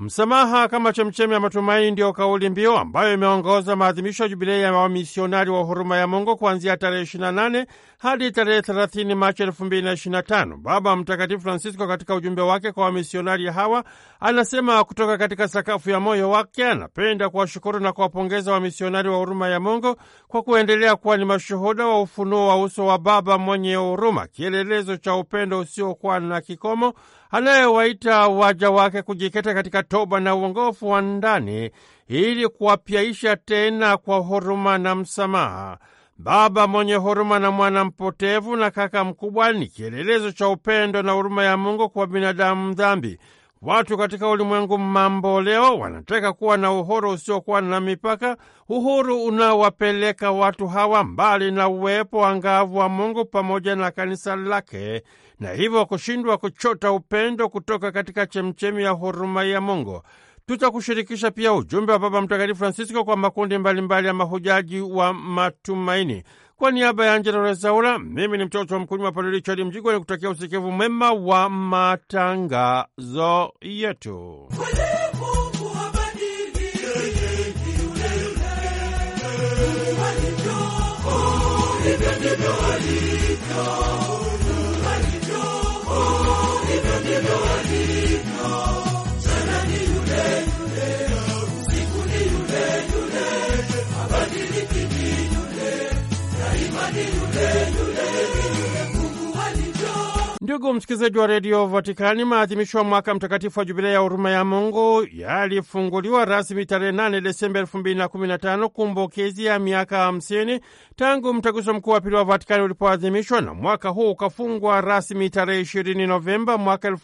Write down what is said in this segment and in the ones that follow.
Msamaha kama chemchemi ya matumaini ndiyo kauli mbiu ambayo imeongoza maadhimisho ya jubilei ya wamisionari wa huruma ya Mungu kuanzia tarehe 28 hadi tarehe 30 Machi 2025. Baba Mtakatifu Francisco katika ujumbe wake kwa wamisionari hawa anasema kutoka katika sakafu ya moyo wake anapenda kuwashukuru na kuwapongeza wamisionari wa huruma ya Mungu kwa kuendelea kuwa ni mashuhuda wa ufunuo wa uso wa Baba mwenye huruma, kielelezo cha upendo usiokuwa na kikomo anayewaita waja wake kujiketa katika toba na uongofu wa ndani ili kuwapyaisha tena kwa huruma na msamaha. Baba mwenye huruma na mwana mpotevu na kaka mkubwa ni kielelezo cha upendo na huruma ya Mungu kwa binadamu dhambi. Watu katika ulimwengu mambo leo wanataka kuwa na uhuru usiokuwa na mipaka, uhuru unaowapeleka watu hawa mbali na uwepo angavu wa Mungu pamoja na kanisa lake na hivyo kushindwa kuchota upendo kutoka katika chemchemi ya huruma ya Mungu. Tutakushirikisha pia ujumbe wa Baba Mtakatifu Francisco kwa makundi mbalimbali mbali ya mahujaji wa matumaini. Kwa niaba ya Angela Rezaula, mimi ni mtoto wa mkulima Padre Richard Mjigwa, ni kutakia usikivu mwema wa matangazo yetu. Ndugu msikilizaji wa redio Vatikani, maadhimisho ya mwaka mtakatifu wa jubilia ya huruma ya Mungu yalifunguliwa rasmi tarehe 8 Desemba 2015 kumbukizi ya miaka tangu mtaguso mkuu wa pili wa Vatikani ulipoadhimishwa na mwaka huu ukafungwa rasmi tarehe ishirini Novemba mwaka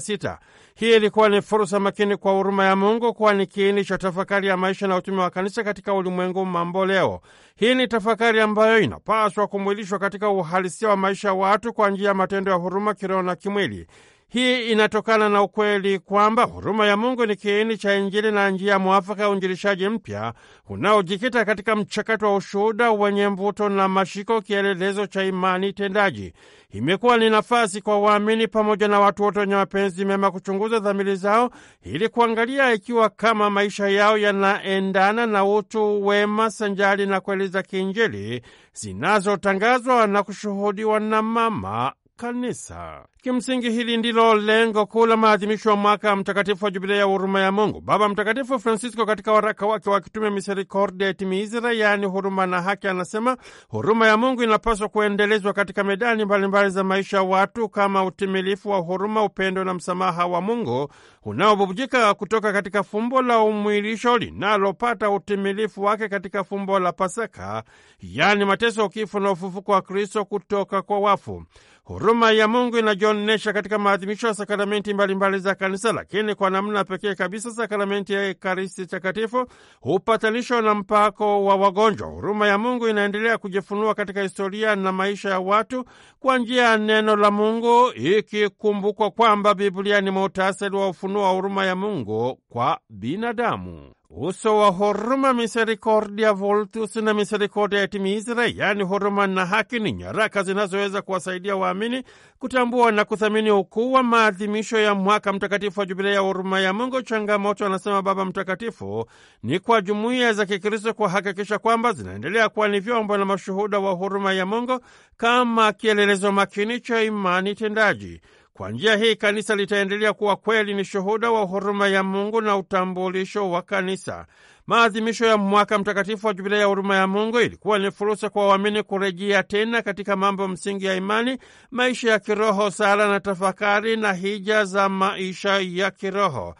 sita. Hii ilikuwa ni fursa makini kwa huruma ya Mungu, kuwa ni kiini cha tafakari ya maisha na utume wa kanisa katika ulimwengu mambo leo. Hii ni tafakari ambayo inapaswa kumwilishwa katika uhalisia wa maisha ya watu kwa njia ya matendo ya huruma kiroho na kimwili. Hii inatokana na ukweli kwamba huruma ya Mungu ni kiini cha Injili na njia mwafaka ya uinjilishaji mpya unaojikita katika mchakato wa ushuhuda wenye mvuto na mashiko, kielelezo cha imani tendaji. Imekuwa ni nafasi kwa waamini pamoja na watu wote wenye mapenzi mema kuchunguza dhamiri zao ili kuangalia ikiwa kama maisha yao yanaendana na utu wema sanjari na kweli za kiinjili zinazotangazwa na kushuhudiwa na Mama Kanisa. Kimsingi hili ndilo lengo kuu la maadhimisho ya mwaka mtakatifu wa jubilei ya huruma ya Mungu. Baba Mtakatifu Francisco katika waraka wake wa kitume Misericordia et Misere, yaani huruma na haki, anasema huruma ya Mungu inapaswa kuendelezwa katika medani mbalimbali za maisha ya watu kama utimilifu wa huruma, upendo na msamaha wa Mungu unaobubujika kutoka katika fumbo la umwilisho linalopata utimilifu wake katika fumbo la Pasaka, yaani mateso, kifo na ufufuko wa Kristo kutoka kwa wafu. Huruma ya Mungu ina anaonyesha katika maadhimisho ya sakramenti mbalimbali za kanisa, lakini kwa namna pekee kabisa sakramenti ya Ekaristi Takatifu, upatanisho na mpako wa wagonjwa. Huruma ya Mungu inaendelea kujifunua katika historia na maisha ya watu kwa njia ya neno la Mungu, ikikumbukwa kwamba Biblia ni muhtasari wa ufunuo wa huruma ya Mungu kwa binadamu uso wa huruma misericordia voltus na misericordia israel yaani huruma na haki, ni nyaraka zinazoweza kuwasaidia waamini kutambua na kuthamini ukuu wa maadhimisho ya mwaka mtakatifu wa jubilei ya huruma ya Mungu. Changamoto, anasema Baba Mtakatifu, ni kwa jumuiya za Kikristo kuhakikisha kwamba zinaendelea kuwa ni vyombo na mashuhuda wa huruma ya Mungu kama kielelezo makini cha imani tendaji. Kwa njia hii kanisa litaendelea kuwa kweli ni shuhuda wa huruma ya Mungu na utambulisho wa kanisa. Maadhimisho ya mwaka mtakatifu wa Jubilei ya huruma ya Mungu ilikuwa ni fursa kwa waamini kurejea tena katika mambo msingi ya imani, maisha ya kiroho, sala na tafakari na hija za maisha ya kiroho.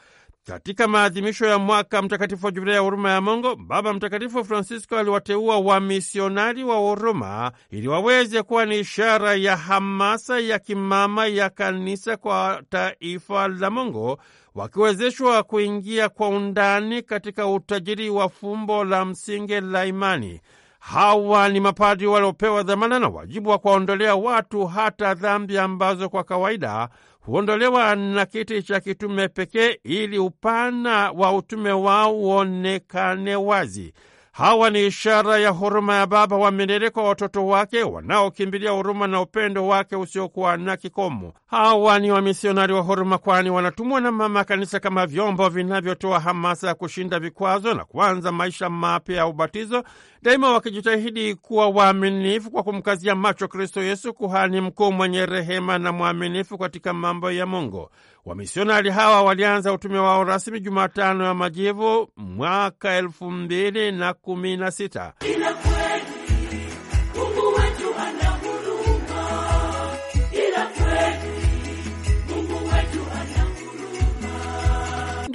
Katika maadhimisho ya mwaka mtakatifu wa Jubilei ya huruma ya Mungu, Baba Mtakatifu Francisco aliwateua wamisionari wa huruma ili waweze kuwa ni ishara ya hamasa ya kimama ya kanisa kwa taifa la Mungu, wakiwezeshwa kuingia kwa undani katika utajiri wa fumbo la msingi la imani. Hawa ni mapadri waliopewa dhamana na wajibu wa kuwaondolea watu hata dhambi ambazo kwa kawaida huondolewa na kiti cha kitume pekee ili upana wa utume wao uonekane wazi. Hawa ni ishara ya huruma ya Baba milele kwa watoto wake wanaokimbilia huruma na upendo wake usiokuwa na kikomo. Hawa ni wamisionari wa huruma, kwani wanatumwa na Mama Kanisa kama vyombo vinavyotoa hamasa ya kushinda vikwazo na kuanza maisha mapya ya ubatizo daima wakijitahidi kuwa waaminifu kwa kumkazia macho Kristo Yesu, kuhani mkuu mwenye rehema na mwaminifu katika mambo ya Mungu. Wamisionari hawa walianza utume wao rasmi Jumatano ya Majivu mwaka elfu mbili na kumi na sita.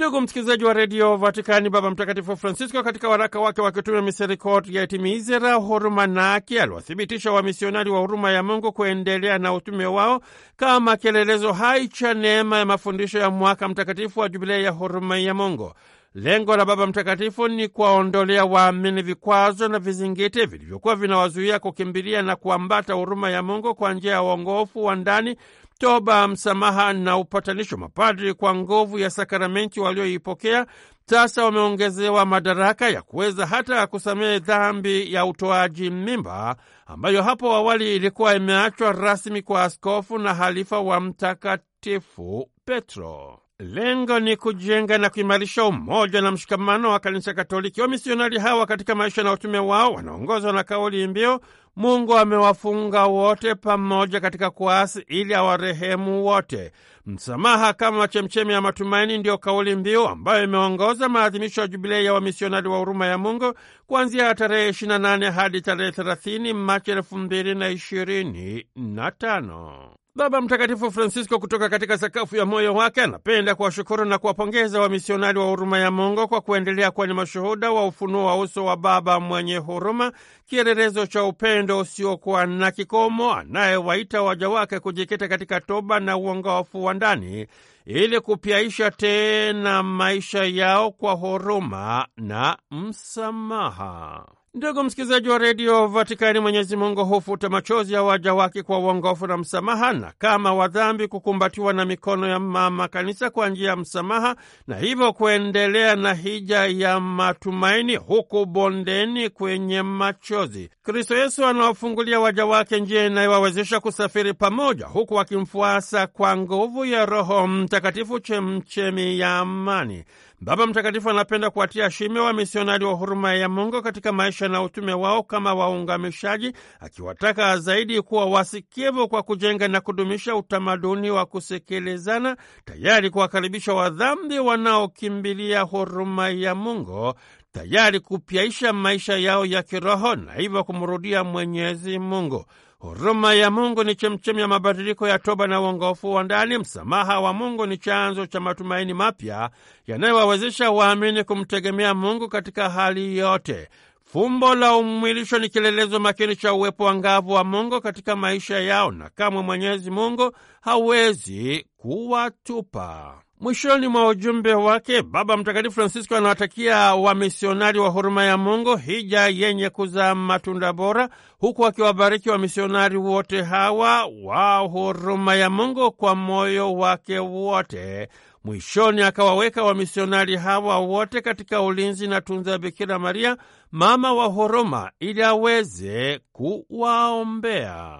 Ndugu msikilizaji wa redio Vatikani, Baba Mtakatifu Francisco katika waraka wake wa kitume Misericordia et Misera Hurumanaki aliwathibitisha wamisionari wa huruma ya Mungu kuendelea na utume wao kama kielelezo hai cha neema ya mafundisho ya mwaka mtakatifu wa Jubilia ya huruma ya Mungu. Lengo la Baba Mtakatifu ni kuwaondolea waamini vikwazo na vizingiti vilivyokuwa vinawazuia kukimbilia na kuambata huruma ya Mungu kwa njia ya uongofu wa ndani toba, msamaha na upatanisho. Mapadri kwa nguvu ya sakramenti walioipokea sasa wameongezewa madaraka ya kuweza hata kusamehe dhambi ya utoaji mimba ambayo hapo awali ilikuwa imeachwa rasmi kwa askofu na halifa wa Mtakatifu Petro. Lengo ni kujenga na kuimarisha umoja na mshikamano wa kanisa Katoliki. Wamisionari hawa katika maisha na utume wao wanaongozwa na kauli mbiu Mungu amewafunga wote pamoja katika kuasi ili awarehemu wote. Msamaha kama chemchemi ya matumaini ndiyo kauli mbiu ambayo imeongoza maadhimisho ya jubilei ya wamisionari wa huruma ya Mungu kuanzia tarehe 28 hadi tarehe 30 Machi 2025. Baba Mtakatifu Francisco kutoka katika sakafu ya moyo wake anapenda kuwashukuru na kuwapongeza wamisionari wa huruma ya Mungu kwa kuendelea kuwa ni mashuhuda wa ufunuo wa uso wa Baba mwenye huruma, kielelezo cha upendo usiokuwa na kikomo, anayewaita waja wake kujikita katika toba na uongofu wa ndani ili kupyaisha tena maisha yao kwa huruma na msamaha. Ndugu msikilizaji wa redio Vatikani, Mwenyezi Mungu hufuta machozi ya waja wake kwa uongofu na msamaha, na kama wadhambi kukumbatiwa na mikono ya mama kanisa kwa njia ya msamaha, na hivyo kuendelea na hija ya matumaini huku bondeni kwenye machozi. Kristo Yesu anawafungulia waja wake njia inayowawezesha kusafiri pamoja, huku wakimfuasa kwa nguvu ya Roho Mtakatifu, chemchemi ya amani. Baba Mtakatifu anapenda kuwatia shime wamisionari wa huruma ya Mungu katika maisha na utume wao kama waungamishaji, akiwataka zaidi kuwa wasikivu kwa kujenga na kudumisha utamaduni wa kusekelezana, tayari kuwakaribisha wadhambi wanaokimbilia huruma ya Mungu, tayari kupyaisha maisha yao ya kiroho na hivyo kumrudia Mwenyezi Mungu. Huruma ya Mungu ni chemchemi ya mabadiliko ya toba na uongofu wa ndani. Msamaha wa Mungu ni chanzo cha matumaini mapya yanayowawezesha waamini kumtegemea Mungu katika hali yote. Fumbo la umwilisho ni kielelezo makini cha uwepo wa ngavu wa Mungu katika maisha yao, na kamwe Mwenyezi Mungu hawezi kuwatupa. Mwishoni mwa ujumbe wake, Baba Mtakatifu Francisco anawatakia wamisionari wa huruma ya Mungu hija yenye kuzaa matunda bora, huku akiwabariki wamisionari wote hawa wa huruma ya Mungu kwa moyo wake wote. Mwishoni akawaweka wamisionari hawa wote katika ulinzi na tunza ya Bikira Maria, mama wa huruma, ili aweze kuwaombea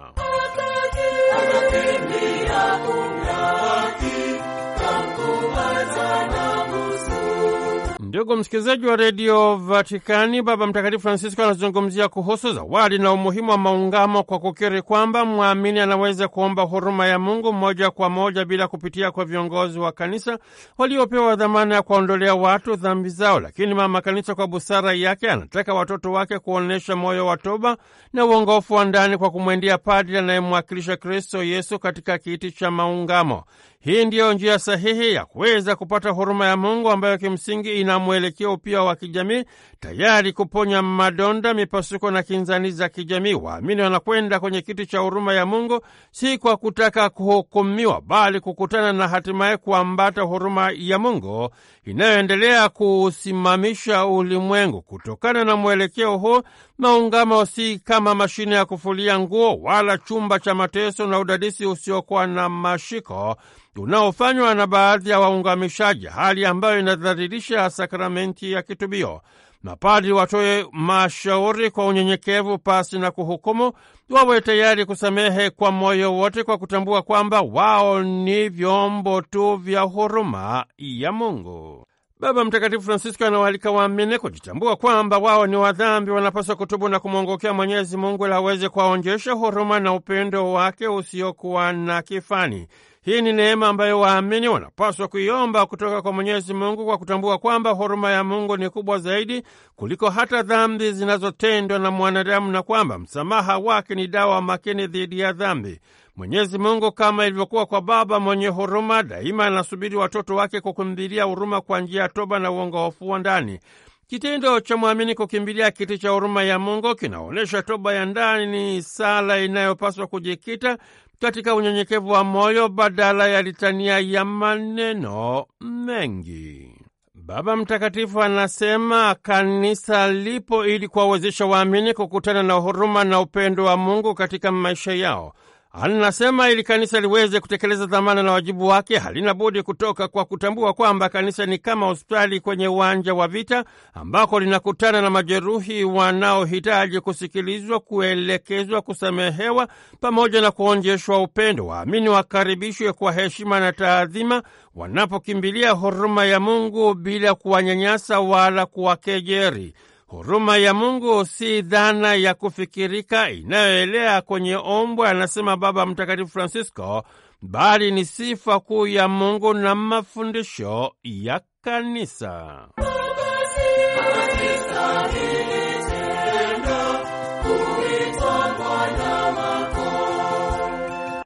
Ndugu msikilizaji wa redio Vatikani, Baba Mtakatifu Francisco anazungumzia kuhusu zawadi na umuhimu wa maungamo kwa kukiri kwamba mwamini anaweza kuomba huruma ya Mungu moja kwa moja bila kupitia kwa viongozi wa kanisa waliopewa dhamana ya kuwaondolea watu dhambi zao. Lakini mama kanisa kwa busara yake anataka watoto wake kuonyesha moyo wa toba na uongofu wa ndani kwa kumwendea padri anayemwakilisha Kristo Yesu katika kiti cha maungamo. Hii ndiyo njia sahihi ya kuweza kupata huruma ya Mungu ambayo kimsingi ina mwelekeo pia wa kijamii, tayari kuponya madonda, mipasuko na kinzani za kijamii. Waamini wanakwenda kwenye kiti cha huruma ya Mungu si kwa kutaka kuhukumiwa, bali kukutana na hatimaye kuambata huruma ya Mungu inayoendelea kuusimamisha ulimwengu. Kutokana na mwelekeo huu, maungamo si kama mashine ya kufulia nguo wala chumba cha mateso na udadisi usiokuwa na mashiko unaofanywa na baadhi ya waungamishaji, hali ambayo inadhalilisha sakramenti ya kitubio. Mapadri watoe mashauri kwa unyenyekevu pasi na kuhukumu, wawe tayari kusamehe kwa moyo wote, kwa kutambua kwamba wao ni vyombo tu vya huruma ya Mungu. Baba Mtakatifu Francisco anawaalika waamini kujitambua kwamba wao ni wadhambi, wanapaswa kutubu na kumwongokea Mwenyezi Mungu ili aweze kuwaonjesha huruma na upendo wake usiokuwa na kifani. Hii ni neema ambayo waamini wanapaswa kuiomba kutoka kwa Mwenyezi Mungu kwa kutambua kwamba huruma ya Mungu ni kubwa zaidi kuliko hata dhambi zinazotendwa na mwanadamu na kwamba msamaha wake ni dawa makini dhidi ya dhambi. Mwenyezi Mungu kama ilivyokuwa kwa baba mwenye huruma, daima anasubiri watoto wake kukimbilia huruma kwa njia ya toba na uongofu wa ndani. Kitendo cha mwamini kukimbilia kiti cha huruma ya Mungu kinaonyesha toba ya ndani, sala inayopaswa kujikita katika unyenyekevu wa moyo badala ya litania ya maneno mengi. Baba Mtakatifu anasema kanisa lipo ili kuwawezesha waamini kukutana na huruma na upendo wa Mungu katika maisha yao. Anasema ili kanisa liweze kutekeleza dhamana na wajibu wake halina budi kutoka kwa kutambua kwamba kanisa ni kama hospitali kwenye uwanja wa vita, ambako linakutana na majeruhi wanaohitaji kusikilizwa, kuelekezwa, kusamehewa pamoja na kuonjeshwa upendo. Waamini wakaribishwe kwa heshima na taadhima wanapokimbilia huruma ya Mungu bila kuwanyanyasa wala kuwakejeri. Huruma ya Mungu si dhana ya kufikirika inayoelea kwenye ombwe, anasema Baba Mtakatifu Francisco, bali ni sifa kuu ya Mungu na mafundisho ya Kanisa.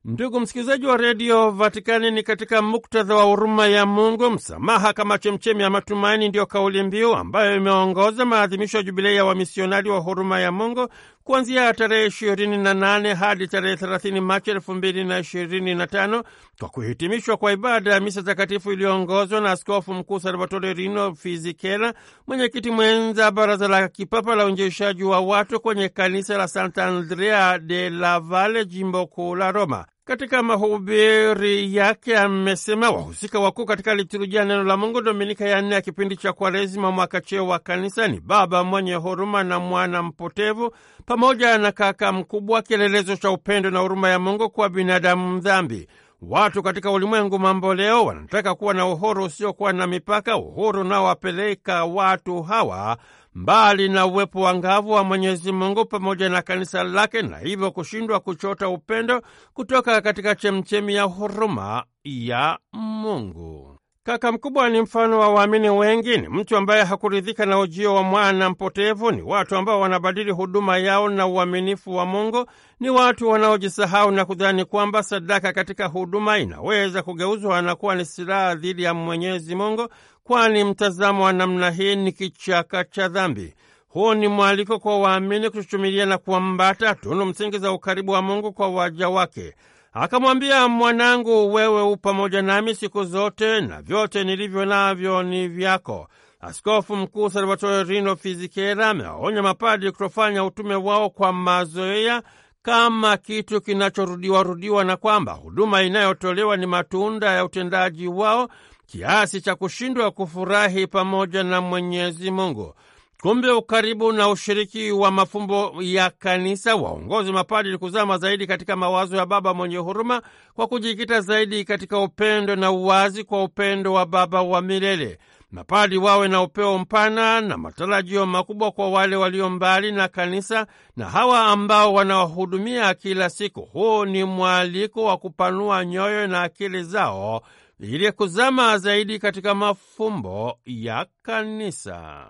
Ndugu msikilizaji wa redio Vatikani, ni katika muktadha wa huruma ya Mungu, msamaha kama chemchemi ya matumaini, ndiyo kauli mbiu ambayo imeongoza maadhimisho ya jubilei ya wamisionari wa huruma ya Mungu kuanzia tarehe ishirini na nane hadi tarehe thelathini Machi elfu mbili na ishirini na tano kwa kuhitimishwa kwa ibada ya misa takatifu iliyoongozwa na Askofu Mkuu Salvatore Rino Fizikela, mwenyekiti mwenza Baraza la Kipapa la Uinjilishaji wa Watu kwenye kanisa la andrea de la Valle, jimbo kuu la Roma. Katika mahubiri yake amesema wahusika wakuu katika liturujia neno la Mungu Dominika ya nne ya kipindi cha Kwaresima mwaka cheo wa kanisa ni baba mwenye huruma na mwana mpotevu, pamoja na kaka mkubwa, kielelezo cha upendo na huruma ya Mungu kwa binadamu mdhambi. Watu katika ulimwengu mambo leo wanataka kuwa na uhuru usiokuwa na mipaka, uhuru unaowapeleka watu hawa mbali na uwepo wa ngavu wa Mwenyezi Mungu pamoja na kanisa lake, na hivyo kushindwa kuchota upendo kutoka katika chemchemi ya huruma ya Mungu. Kaka mkubwa ni mfano wa waamini wengi, ni mtu ambaye hakuridhika na ujio wa mwana mpotevu, ni watu ambao wanabadili huduma yao na uaminifu wa Mungu, ni watu wanaojisahau na kudhani kwamba sadaka katika huduma inaweza kugeuzwa na kuwa ni silaha dhidi ya Mwenyezi Mungu, kwani mtazamo wa namna hii ni kichaka cha dhambi. Huu ni mwaliko kwa waamini kuchuchumilia na kuambata tunu msingi za ukaribu wa Mungu kwa waja wake. Akamwambia, mwanangu, wewe u pamoja nami siku zote na vyote nilivyo navyo ni vyako. Askofu Mkuu Salvatore Rino Fizikera amewaonya mapadi kutofanya utume wao kwa mazoea kama kitu kinachorudiwarudiwa na kwamba huduma inayotolewa ni matunda ya utendaji wao kiasi cha kushindwa kufurahi pamoja na Mwenyezi Mungu. Kumbe ukaribu na ushiriki wa mafumbo ya kanisa waongozi mapadri kuzama zaidi katika mawazo ya Baba mwenye huruma kwa kujikita zaidi katika upendo na uwazi kwa upendo wa Baba wa milele. Mapadri wawe na upeo mpana na matarajio makubwa kwa wale walio mbali na kanisa na hawa ambao wanawahudumia kila siku. Huu ni mwaliko wa kupanua nyoyo na akili zao ili kuzama zaidi katika mafumbo ya Kanisa.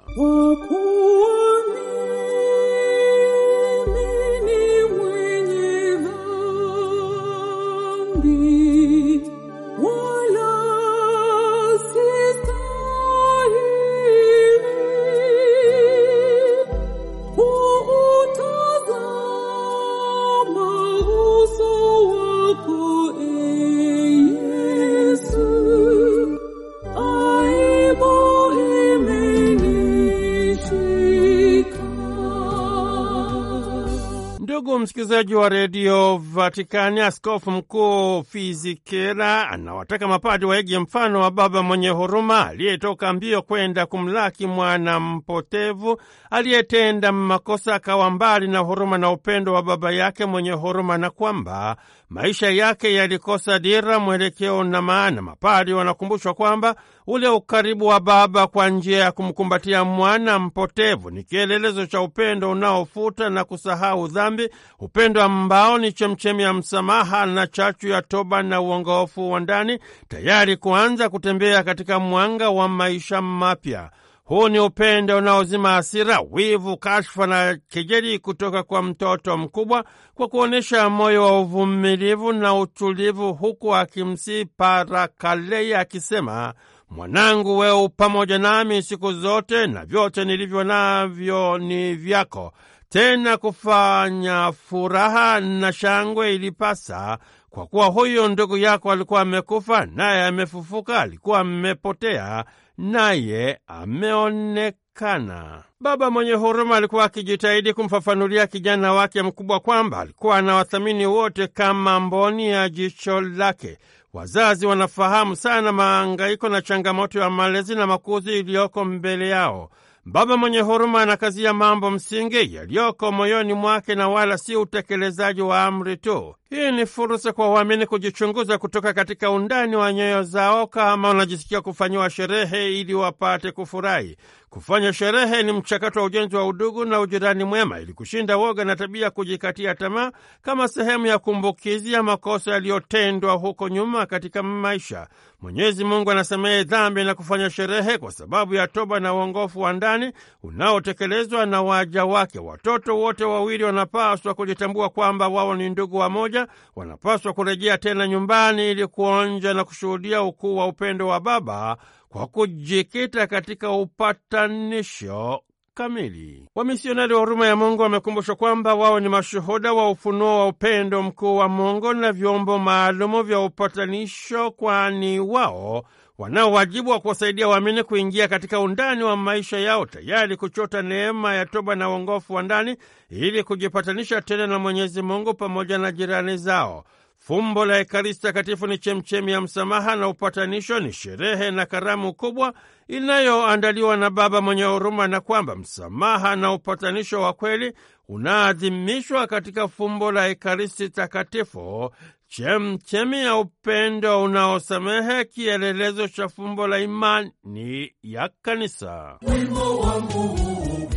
comes msikilizaji wa redio Vatikani, askofu mkuu Fizikera anawataka mapadi waige mfano wa baba mwenye huruma aliyetoka mbio kwenda kumlaki mwana mpotevu aliyetenda makosa, akawa mbali na huruma na upendo wa baba yake mwenye huruma, na kwamba maisha yake yalikosa dira, mwelekeo na maana. Mapadi wanakumbushwa kwamba ule ukaribu wa baba kwa njia ya kumkumbatia mwana mpotevu ni kielelezo cha upendo unaofuta na kusahau dhambi upendo ambao ni chemchemi ya msamaha na chachu ya toba na uongofu wa ndani, tayari kuanza kutembea katika mwanga wa maisha mapya. Huu ni upendo unaozima hasira, wivu, kashfa na kejeli kutoka kwa mtoto mkubwa, kwa kuonyesha moyo wa uvumilivu na utulivu, huku akimsii Parakalei akisema, mwanangu, wewe pamoja nami siku zote, na vyote nilivyo navyo ni vyako tena kufanya furaha na shangwe ilipasa, kwa kuwa huyo ndugu yako alikuwa amekufa, naye amefufuka; alikuwa amepotea, naye ameonekana. Baba mwenye huruma alikuwa akijitahidi kumfafanulia kijana wake mkubwa kwamba alikuwa anawathamini wote kama mboni ya jicho lake. Wazazi wanafahamu sana maangaiko na changamoto ya malezi na makuzi iliyoko mbele yao. Baba mwenye huruma anakazia mambo msingi yaliyoko moyoni mwake na wala si utekelezaji wa amri tu. Hii ni fursa kwa waamini kujichunguza kutoka katika undani wa nyoyo zao, kama wanajisikia kufanyiwa sherehe ili wapate kufurahi. Kufanya sherehe ni mchakato wa ujenzi wa udugu na ujirani mwema ili kushinda woga na tabia kujikatia tamaa kama sehemu ya kumbukizi ya makosa yaliyotendwa huko nyuma katika maisha. Mwenyezi Mungu anasamehe dhambi na kufanya sherehe kwa sababu ya toba na uongofu wa ndani unaotekelezwa na waja wake. Watoto wote wawili wanapaswa kujitambua kwamba wao ni ndugu wamoja, wanapaswa kurejea tena nyumbani ili kuonja na kushuhudia ukuu wa upendo wa Baba kwa kujikita katika upatanisho kamili. Wamisionari wa huruma ya Mungu wamekumbushwa kwamba wao ni mashuhuda wa ufunuo wa upendo mkuu wa Mungu na vyombo maalumu vya upatanisho, kwani wao wanao wajibu wa kuwasaidia waamini kuingia katika undani wa maisha yao, tayari kuchota neema ya toba na uongofu wa ndani ili kujipatanisha tena na Mwenyezi Mungu pamoja na jirani zao. Fumbo la Ekaristi Takatifu ni chemchemi ya msamaha na upatanisho, ni sherehe na karamu kubwa inayoandaliwa na Baba mwenye huruma, na kwamba msamaha na upatanisho wa kweli unaadhimishwa katika fumbo la Ekaristi Takatifu, chemchemi ya upendo unaosamehe, kielelezo cha fumbo la imani ya Kanisa. Wimbo wangu,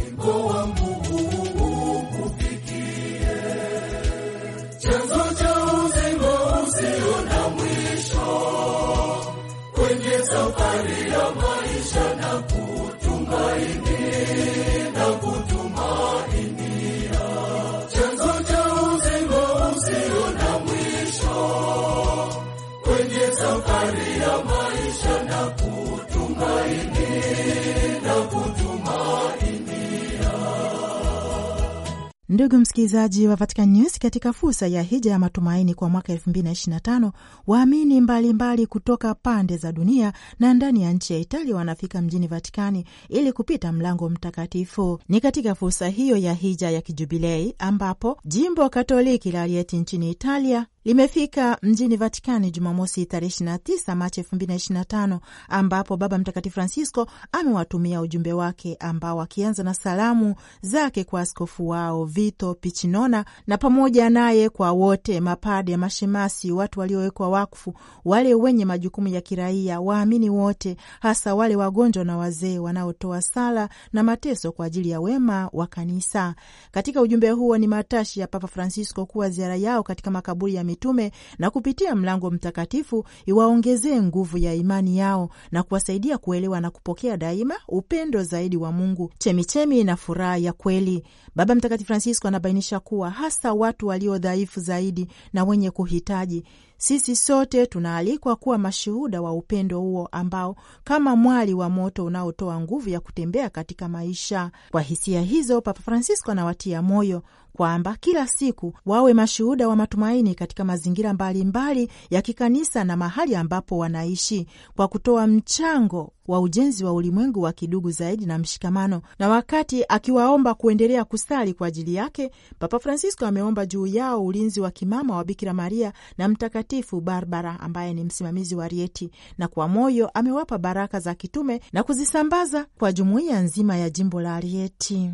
wimbo wangu. Ndugu msikilizaji wa Vatican News, katika fursa ya hija ya matumaini kwa mwaka 2025 waamini mbalimbali kutoka pande za dunia na ndani ya nchi ya Italia wanafika mjini Vatikani ili kupita mlango mtakatifu. Ni katika fursa hiyo ya hija ya kijubilei ambapo jimbo Katoliki la Rieti nchini Italia limefika mjini Vatikani Jumamosi tarehe 29 Machi 2025 ambapo Baba Mtakatifu Francisco amewatumia ujumbe wake ambao akianza na salamu zake kwa askofu wao Vito Pichinona na pamoja naye kwa wote mapade, mashemasi, watu waliowekwa wakfu, wale wenye majukumu ya kiraia, waamini wote, hasa wale wagonjwa na wazee wanaotoa sala na mateso kwa ajili ya wema wa Kanisa. Katika ujumbe huo ni matashi ya Papa Francisco kuwa ziara yao katika makaburi ya mitume na kupitia mlango mtakatifu iwaongezee nguvu ya imani yao na kuwasaidia kuelewa na kupokea daima upendo zaidi wa Mungu, chemichemi na furaha ya kweli. Baba Mtakatifu Francisco anabainisha kuwa hasa watu walio dhaifu zaidi na wenye kuhitaji sisi sote tunaalikwa kuwa mashuhuda wa upendo huo ambao kama mwali wa moto unaotoa nguvu ya kutembea katika maisha. Kwa hisia hizo, Papa Francisco anawatia moyo kwamba kila siku wawe mashuhuda wa matumaini katika mazingira mbalimbali mbali ya kikanisa na mahali ambapo wanaishi kwa kutoa mchango wa ujenzi wa ulimwengu wa kidugu zaidi na mshikamano. Na wakati akiwaomba kuendelea kusali kwa ajili yake, Papa Francisco ameomba juu yao ulinzi wa kimama wa Bikira Maria na Mtakatifu Barbara ambaye ni msimamizi wa Rieti, na kwa moyo amewapa baraka za kitume na kuzisambaza kwa jumuiya nzima ya jimbo la Rieti.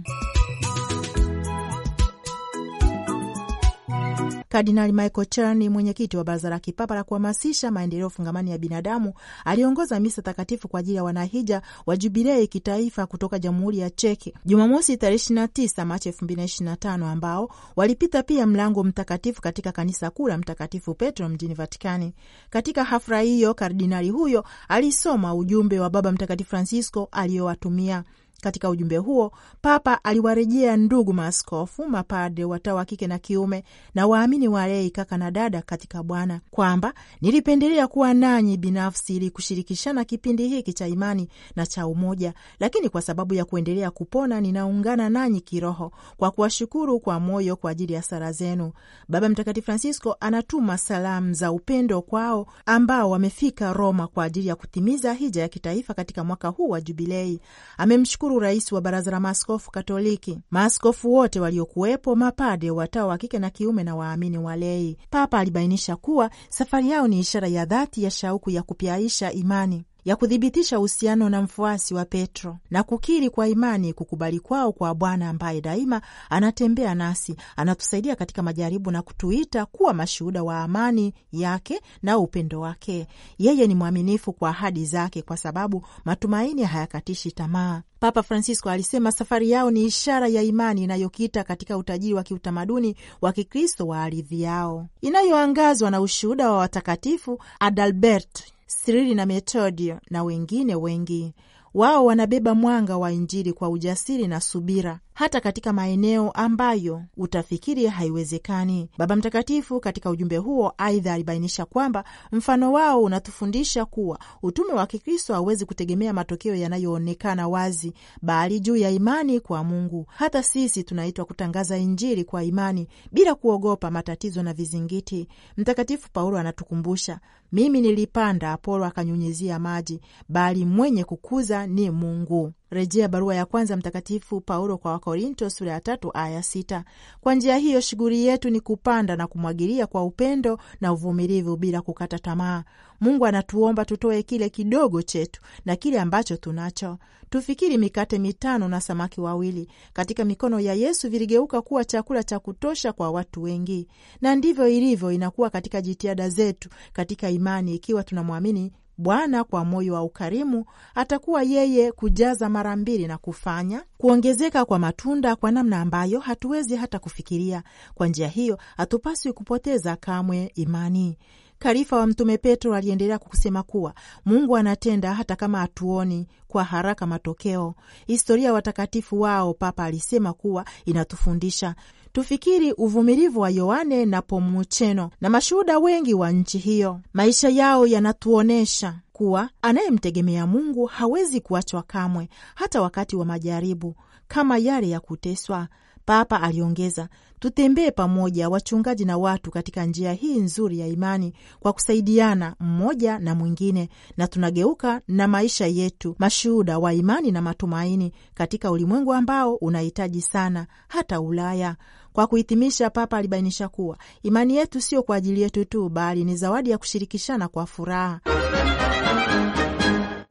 Kardinali Michael Cherny, mwenyekiti wa Baraza la Kipapa la Kuhamasisha Maendeleo Fungamani ya Binadamu, aliongoza misa takatifu kwa ajili ya wanahija wa Jubilei kitaifa kutoka Jamhuri ya Cheki Jumamosi tarehe 29 Machi 2025 ambao walipita pia mlango mtakatifu katika kanisa kuu la Mtakatifu Petro mjini Vatikani. Katika hafla hiyo, kardinali huyo alisoma ujumbe wa Baba Mtakatifu Francisco aliyowatumia katika ujumbe huo Papa aliwarejea ndugu maaskofu, mapade, watawa wa kike na kiume na waamini walei, kaka na dada katika Bwana, kwamba nilipendelea kuwa nanyi binafsi ili kushirikishana kipindi hiki cha imani na cha umoja, lakini kwa sababu ya kuendelea kupona ninaungana nanyi kiroho kwa kuwashukuru kwa moyo kwa ajili ya sala zenu. Baba Mtakatifu Francisco anatuma salamu za upendo kwao ambao wamefika Roma kwa ajili ya kutimiza hija ya kitaifa katika mwaka huu wa Jubilei. Amemshukuru Askofu rais wa Baraza la Maaskofu Katoliki, maaskofu wote waliokuwepo, mapade, watawa wa kike na kiume na waamini walei. Papa alibainisha kuwa safari yao ni ishara ya dhati ya shauku ya kupyaisha imani ya kuthibitisha uhusiano na mfuasi wa Petro na kukiri kwa imani kukubali kwao kwa Bwana ambaye daima anatembea nasi, anatusaidia katika majaribu na kutuita kuwa mashuhuda wa amani yake na upendo wake. Yeye ni mwaminifu kwa ahadi zake, kwa sababu matumaini hayakatishi tamaa. Papa Francisco alisema safari yao ni ishara ya imani inayokita katika utajiri wa kiutamaduni wa Kikristo wa ardhi yao inayoangazwa na ushuhuda wa watakatifu Adalbert Sirili na Metodio na wengine wengi. Wao wanabeba mwanga wa Injili kwa ujasiri na subira, hata katika maeneo ambayo utafikiri haiwezekani. Baba Mtakatifu katika ujumbe huo aidha alibainisha kwamba mfano wao unatufundisha kuwa utume wa Kikristo hauwezi kutegemea matokeo yanayoonekana wazi, bali juu ya imani kwa Mungu. Hata sisi tunaitwa kutangaza Injili kwa imani bila kuogopa matatizo na vizingiti. Mtakatifu Paulo anatukumbusha, mimi nilipanda, Apolo akanyunyizia maji, bali mwenye kukuza ni Mungu. Rejea barua ya kwanza Mtakatifu Paulo kwa Wakorinto sura ya tatu aya sita. Kwa njia hiyo shughuli yetu ni kupanda na kumwagilia kwa upendo na uvumilivu bila kukata tamaa. Mungu anatuomba tutoe kile kidogo chetu na kile ambacho tunacho. Tufikiri mikate mitano na samaki wawili katika mikono ya Yesu viligeuka kuwa chakula cha kutosha kwa watu wengi, na ndivyo ilivyo inakuwa katika jitihada zetu katika imani, ikiwa tunamwamini Bwana kwa moyo wa ukarimu atakuwa yeye kujaza mara mbili na kufanya kuongezeka kwa matunda kwa namna ambayo hatuwezi hata kufikiria. Kwa njia hiyo, hatupaswi kupoteza kamwe imani. karifa wa Mtume Petro aliendelea kusema kuwa Mungu anatenda hata kama hatuoni kwa haraka matokeo. Historia ya watakatifu wao Papa alisema kuwa inatufundisha tufikiri uvumilivu wa Yohane na Pomucheno na mashuhuda wengi wa nchi hiyo. Maisha yao yanatuonyesha kuwa anayemtegemea Mungu hawezi kuachwa kamwe, hata wakati wa majaribu kama yale ya kuteswa. Papa aliongeza, tutembee pamoja wachungaji na watu katika njia hii nzuri ya imani kwa kusaidiana mmoja na mwingine, na tunageuka na maisha yetu mashuhuda wa imani na matumaini katika ulimwengu ambao unahitaji sana hata Ulaya. Kwa kuhitimisha, Papa alibainisha kuwa imani yetu sio kwa ajili yetu tu, bali ni zawadi ya kushirikishana kwa furaha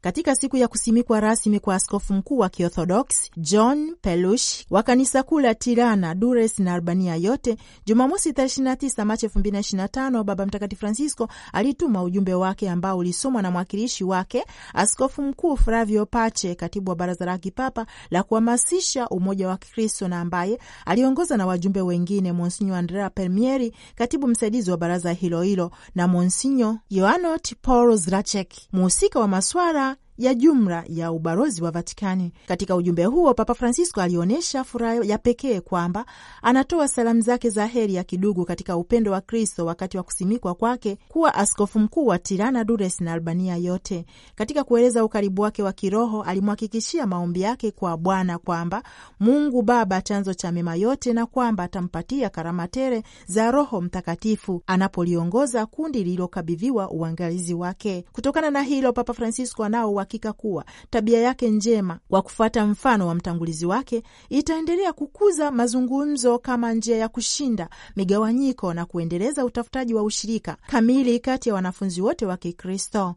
katika siku ya kusimikwa rasmi kwa askofu mkuu wa Kiorthodoksi John Pelush wa kanisa kuu la Tirana, Dures na Albania yote, Jumamosi 29 Machi 2025, Baba Mtakatifu Francisco alituma ujumbe wake ambao ulisomwa na mwakilishi wake askofu mkuu Flavio Pache, katibu wa baraza la kipapa la kuhamasisha umoja wa Kikristo na ambaye aliongoza na wajumbe wengine Monsinyo Andrea Permieri, katibu msaidizi wa baraza hilo hilo, na Monsinyo Yoanot Paul Zrachek, muhusika wa maswara ya jumla ya ubalozi wa Vatikani. Katika ujumbe huo, Papa Francisco alionyesha furaha ya pekee kwamba anatoa salamu zake za heri ya kidugu katika upendo wa Kristo wakati wa kusimikwa kwake kuwa askofu mkuu wa Tirana, Dures na Albania yote. Katika kueleza ukaribu wake wa kiroho, alimhakikishia maombi yake kwa Bwana kwamba Mungu Baba chanzo cha mema yote na kwamba atampatia karama tele za Roho Mtakatifu anapoliongoza kundi lililokabidhiwa uangalizi wake. Kutokana na hilo, Papa Francisco anao uhakika kuwa tabia yake njema kwa kufuata mfano wa mtangulizi wake itaendelea kukuza mazungumzo kama njia ya kushinda migawanyiko na kuendeleza utafutaji wa ushirika kamili kati ya wanafunzi wote wa Kikristo.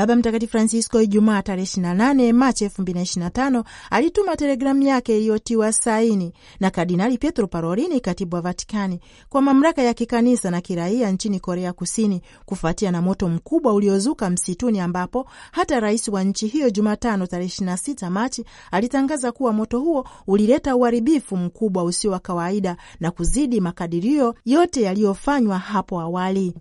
Baba Mtakatifu Francisco Ijumaa tarehe 28 Machi 2025 alituma telegramu yake iliyotiwa saini na Kardinali Pietro Parolini, katibu wa Vatikani, kwa mamlaka ya kikanisa na kiraia nchini Korea Kusini kufuatia na moto mkubwa uliozuka msituni, ambapo hata rais wa nchi hiyo Jumatano tarehe 26 Machi alitangaza kuwa moto huo ulileta uharibifu mkubwa usio wa kawaida na kuzidi makadirio yote yaliyofanywa hapo awali.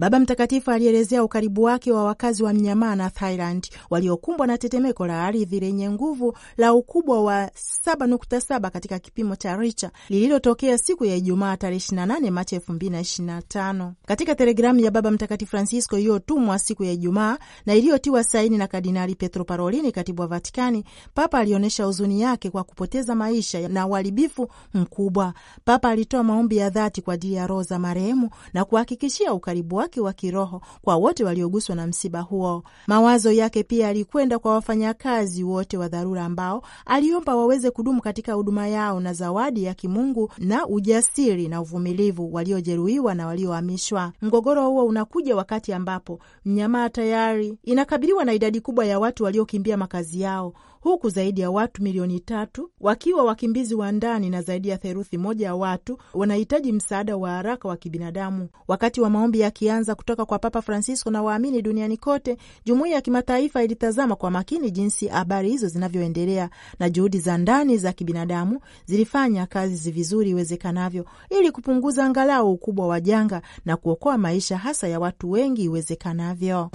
Baba Mtakatifu alielezea ukaribu wake wa wakazi wa Mnyamaa na Thailand waliokumbwa na tetemeko la ardhi lenye nguvu la ukubwa wa 7.7 katika kipimo cha Richter lililotokea siku ya Ijumaa tarehe 28 Machi 2025. Katika telegramu ya Baba Mtakatifu Francisco iliyotumwa siku ya Ijumaa na iliyotiwa saini na Kardinali petro Parolini, katibu wa Vatikani, Papa alionyesha huzuni yake kwa kupoteza maisha na uharibifu mkubwa. Papa alitoa maombi ya dhati kwa ajili ya roho za marehemu na kuhakikishia ukaribu wake wake wa kiroho kwa wote walioguswa na msiba huo. Mawazo yake pia yalikwenda kwa wafanyakazi wote wa dharura ambao aliomba waweze kudumu katika huduma yao na zawadi ya kimungu na ujasiri na uvumilivu, waliojeruhiwa na waliohamishwa. Mgogoro huo unakuja wakati ambapo mnyamaa tayari inakabiliwa na idadi kubwa ya watu waliokimbia makazi yao huku zaidi ya watu milioni tatu wakiwa wakimbizi wa ndani na zaidi ya theluthi moja ya watu wanahitaji msaada wa haraka wa kibinadamu. Wakati wa maombi yakianza kutoka kwa Papa Francisco na waamini duniani kote, jumuiya ya kimataifa ilitazama kwa makini jinsi habari hizo zinavyoendelea na juhudi za ndani za kibinadamu zilifanya kazi vizuri iwezekanavyo ili kupunguza angalau ukubwa wa janga na kuokoa maisha hasa ya watu wengi iwezekanavyo.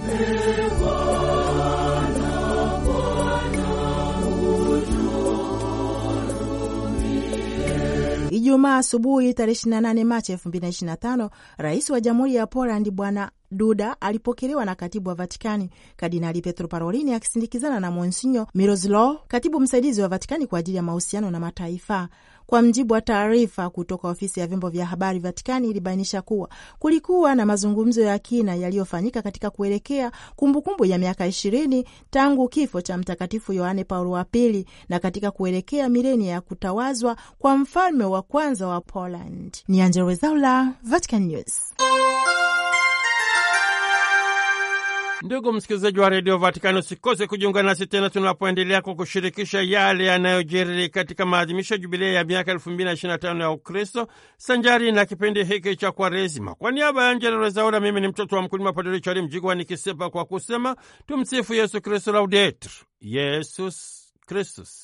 Ijumaa asubuhi tarehe 28 Machi 2025 rais wa jamhuri ya Poland Bwana Duda alipokelewa na katibu wa Vatikani Kardinali Petro Parolini akisindikizana na Monsinyo miroslaw katibu msaidizi wa Vatikani kwa ajili ya mahusiano na mataifa. Kwa mjibu wa taarifa kutoka ofisi ya vyombo vya habari Vatikani, ilibainisha kuwa kulikuwa na mazungumzo ya kina yaliyofanyika katika kuelekea kumbukumbu ya miaka ishirini tangu kifo cha Mtakatifu Yohane Paulo wa Pili na katika kuelekea milenia ya kutawazwa kwa mfalme wa kwanza wa Poland. Ni Angella Rwezaula, Vatican News. Ndugu msikilizaji wa redio Vatikani, usikose kujiunga nasi tena tunapoendelea kwa kushirikisha yale yanayojiri katika maadhimisho ya jubilia ya miaka elfu mbili na na tano ya Ukristo sanjari na kipindi hiki cha Kwaresima. Kwa niaba ya Angela Rezaura, mimi ni mtoto wa mkulima Padri Chari Mjigwa nikisepa kwa kusema tumsifu Yesu Kristu, laudetur Yesus Kristus.